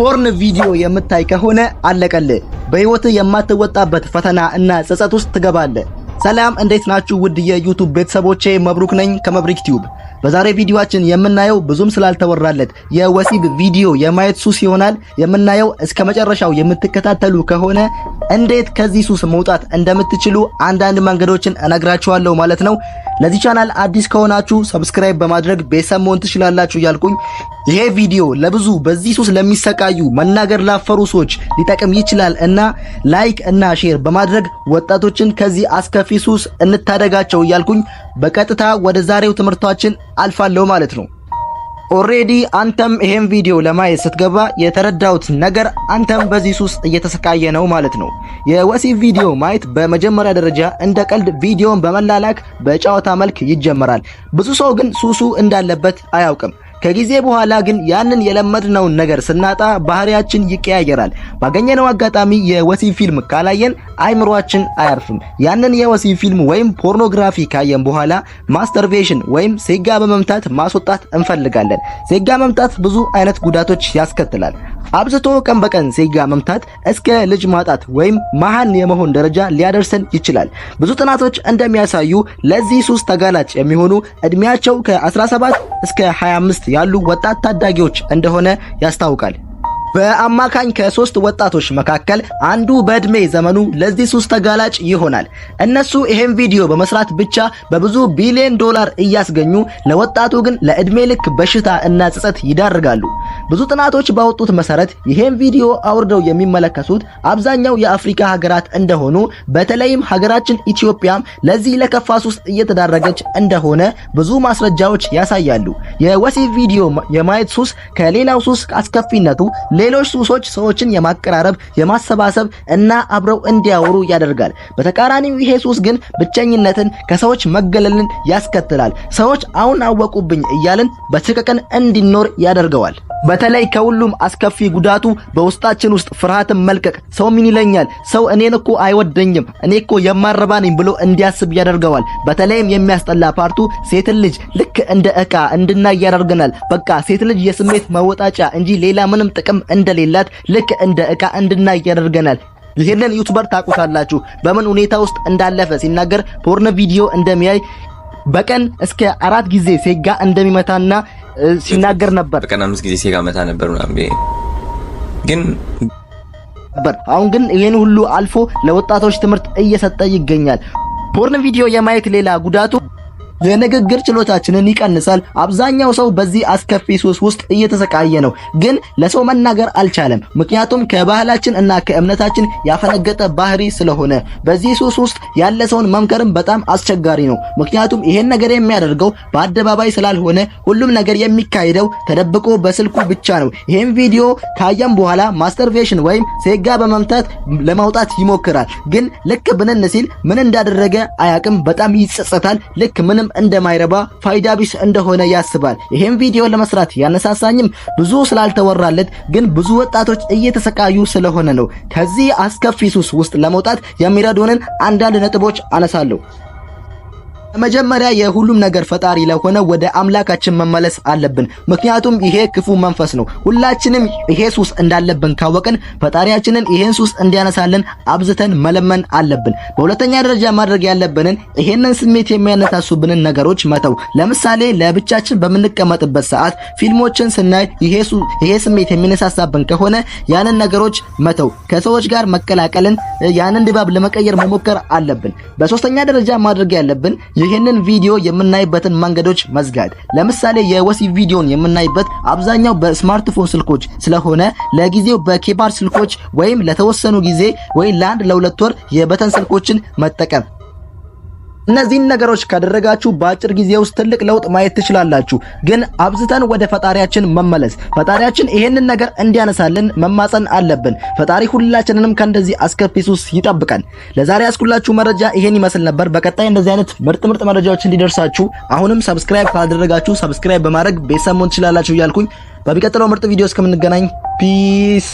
ፖርን ቪዲዮ የምታይ ከሆነ አለቀል። በህይወት የማትወጣበት ፈተና እና ጸጸት ውስጥ ትገባለህ። ሰላም እንዴት ናችሁ? ውድ የዩቱብ ቤተሰቦቼ መብሩክ ነኝ ከመብሪክ ቲዩብ። በዛሬ ቪዲዮአችን የምናየው ብዙም ስላልተወራለት የወሲብ ቪዲዮ የማየት ሱስ ይሆናል። የምናየው እስከ መጨረሻው የምትከታተሉ ከሆነ እንዴት ከዚህ ሱስ መውጣት እንደምትችሉ አንዳንድ መንገዶችን እነግራችኋለሁ ማለት ነው። ለዚህ ቻናል አዲስ ከሆናችሁ ሰብስክራይብ በማድረግ ቤተሰብ መሆን ትችላላችሁ እያልኩኝ ይሄ ቪዲዮ ለብዙ በዚህ ሱስ ለሚሰቃዩ መናገር ላፈሩ ሰዎች ሊጠቅም ይችላል እና ላይክ እና ሼር በማድረግ ወጣቶችን ከዚህ አስከፊ ሱስ እንታደጋቸው እያልኩኝ በቀጥታ ወደ ዛሬው ትምህርታችን አልፋለሁ ማለት ነው። ኦሬዲ አንተም ይሄን ቪዲዮ ለማየት ስትገባ የተረዳሁት ነገር አንተም በዚህ ሱስ እየተሰቃየ ነው ማለት ነው። የወሲብ ቪዲዮ ማየት በመጀመሪያ ደረጃ እንደ ቀልድ ቪዲዮን በመላላክ በጨዋታ መልክ ይጀመራል። ብዙ ሰው ግን ሱሱ እንዳለበት አያውቅም። ከጊዜ በኋላ ግን ያንን የለመድነውን ነገር ስናጣ ባህሪያችን ይቀያየራል። ባገኘነው አጋጣሚ የወሲብ ፊልም ካላየን አይምሯችን አያርፍም። ያንን የወሲብ ፊልም ወይም ፖርኖግራፊ ካየን በኋላ ማስተርቬሽን ወይም ሴጋ በመምታት ማስወጣት እንፈልጋለን። ሴጋ መምታት ብዙ አይነት ጉዳቶች ያስከትላል። አብዝቶ ቀን በቀን ሴጋ መምታት እስከ ልጅ ማጣት ወይም መሀን የመሆን ደረጃ ሊያደርሰን ይችላል። ብዙ ጥናቶች እንደሚያሳዩ ለዚህ ሱስ ተጋላጭ የሚሆኑ እድሜያቸው ከ17 እስከ 25 ያሉ ወጣት ታዳጊዎች እንደሆነ ያስታውቃል። በአማካኝ ከሶስት ወጣቶች መካከል አንዱ በእድሜ ዘመኑ ለዚህ ሱስ ተጋላጭ ይሆናል። እነሱ ይሄን ቪዲዮ በመስራት ብቻ በብዙ ቢሊዮን ዶላር እያስገኙ፣ ለወጣቱ ግን ለእድሜ ልክ በሽታ እና ጸጸት ይዳርጋሉ። ብዙ ጥናቶች ባወጡት መሰረት ይሄን ቪዲዮ አውርደው የሚመለከቱት አብዛኛው የአፍሪካ ሀገራት እንደሆኑ በተለይም ሀገራችን ኢትዮጵያም ለዚህ ለከፋ ሱስ እየተዳረገች እንደሆነ ብዙ ማስረጃዎች ያሳያሉ። የወሲብ ቪዲዮ የማየት ሱስ ከሌላው ሱስ አስከፊነቱ ሌሎች ሱሶች ሰዎችን የማቀራረብ የማሰባሰብ እና አብረው እንዲያወሩ ያደርጋል። በተቃራኒው ይሄ ሱስ ግን ብቸኝነትን፣ ከሰዎች መገለልን ያስከትላል። ሰዎች አሁን አወቁብኝ እያልን በስቅቅን እንዲኖር ያደርገዋል። በተለይ ከሁሉም አስከፊ ጉዳቱ በውስጣችን ውስጥ ፍርሃትን መልቀቅ። ሰው ምን ይለኛል፣ ሰው እኔን እኮ አይወደኝም፣ እኔ እኮ የማረባ ነኝ ብሎ እንዲያስብ ያደርገዋል። በተለይም የሚያስጠላ ፓርቱ ሴትን ልጅ ልክ እንደ እቃ እንድናይ ያደርገናል። በቃ ሴት ልጅ የስሜት መወጣጫ እንጂ ሌላ ምንም ጥቅም እንደሌላት ልክ እንደ እቃ እንድናይ ያደርገናል። ይህንን ዩቱበር ታውቁታላችሁ። በምን ሁኔታ ውስጥ እንዳለፈ ሲናገር ፖርኖ ቪዲዮ እንደሚያይ በቀን እስከ አራት ጊዜ ሴጋ እንደሚመታና ሲናገር ነበር። በቀን አምስት ጊዜ ሴጋ መታ ነበር ግን አሁን ግን ይህን ሁሉ አልፎ ለወጣቶች ትምህርት እየሰጠ ይገኛል። ፖርን ቪዲዮ የማየት ሌላ ጉዳቱ የንግግር ችሎታችንን ይቀንሳል። አብዛኛው ሰው በዚህ አስከፊ ሱስ ውስጥ እየተሰቃየ ነው፣ ግን ለሰው መናገር አልቻለም። ምክንያቱም ከባህላችን እና ከእምነታችን ያፈነገጠ ባህሪ ስለሆነ። በዚህ ሱስ ውስጥ ያለ ሰውን መምከርም በጣም አስቸጋሪ ነው። ምክንያቱም ይሄን ነገር የሚያደርገው በአደባባይ ስላልሆነ ሁሉም ነገር የሚካሄደው ተደብቆ በስልኩ ብቻ ነው። ይሄን ቪዲዮ ካየም በኋላ ማስተርቬሽን ወይም ሴጋ በመምታት ለማውጣት ይሞክራል፣ ግን ልክ ብንን ሲል ምን እንዳደረገ አያቅም። በጣም ይጸጸታል። ልክ ምንም እንደማይረባ ፋይዳ ቢስ እንደሆነ ያስባል። ይሄን ቪዲዮ ለመስራት ያነሳሳኝም ብዙ ስላልተወራለት ግን ብዙ ወጣቶች እየተሰቃዩ ስለሆነ ነው። ከዚህ አስከፊ ሱስ ውስጥ ለመውጣት የሚረዱንን አንዳንድ ነጥቦች አነሳለሁ። መጀመሪያ የሁሉም ነገር ፈጣሪ ለሆነ ወደ አምላካችን መመለስ አለብን። ምክንያቱም ይሄ ክፉ መንፈስ ነው። ሁላችንም ይሄ ሱስ እንዳለብን ካወቅን ፈጣሪያችንን ይሄን ሱስ እንዲያነሳልን አብዝተን መለመን አለብን። በሁለተኛ ደረጃ ማድረግ ያለብንን ይሄንን ስሜት የሚያነሳሱብንን ነገሮች መተው። ለምሳሌ ለብቻችን በምንቀመጥበት ሰዓት ፊልሞችን ስናይ ይሄ ስሜት የሚነሳሳብን ከሆነ ያንን ነገሮች መተው፣ ከሰዎች ጋር መቀላቀልን ያንን ድባብ ለመቀየር መሞከር አለብን። በሶስተኛ ደረጃ ማድረግ ያለብን ይህንን ቪዲዮ የምናይበትን መንገዶች መዝጋት። ለምሳሌ የወሲብ ቪዲዮን የምናይበት አብዛኛው በስማርትፎን ስልኮች ስለሆነ ለጊዜው በኬፓድ ስልኮች ወይም ለተወሰኑ ጊዜ ወይም ለአንድ ለሁለት ወር የበተን ስልኮችን መጠቀም እነዚህን ነገሮች ካደረጋችሁ በአጭር ጊዜ ውስጥ ትልቅ ለውጥ ማየት ትችላላችሁ። ግን አብዝተን ወደ ፈጣሪያችን መመለስ፣ ፈጣሪያችን ይህንን ነገር እንዲያነሳልን መማጸን አለብን። ፈጣሪ ሁላችንንም ከእንደዚህ አስከፊ ሱስ ይጠብቀን። ለዛሬ ያስኩላችሁ መረጃ ይሄን ይመስል ነበር። በቀጣይ እንደዚህ አይነት ምርጥ ምርጥ መረጃዎች እንዲደርሳችሁ አሁንም ሰብስክራይብ ካላደረጋችሁ ሰብስክራይብ በማድረግ ቤተሰብ መሆን ትችላላችሁ እያልኩኝ በሚቀጥለው ምርጥ ቪዲዮ እስከምንገናኝ ፒስ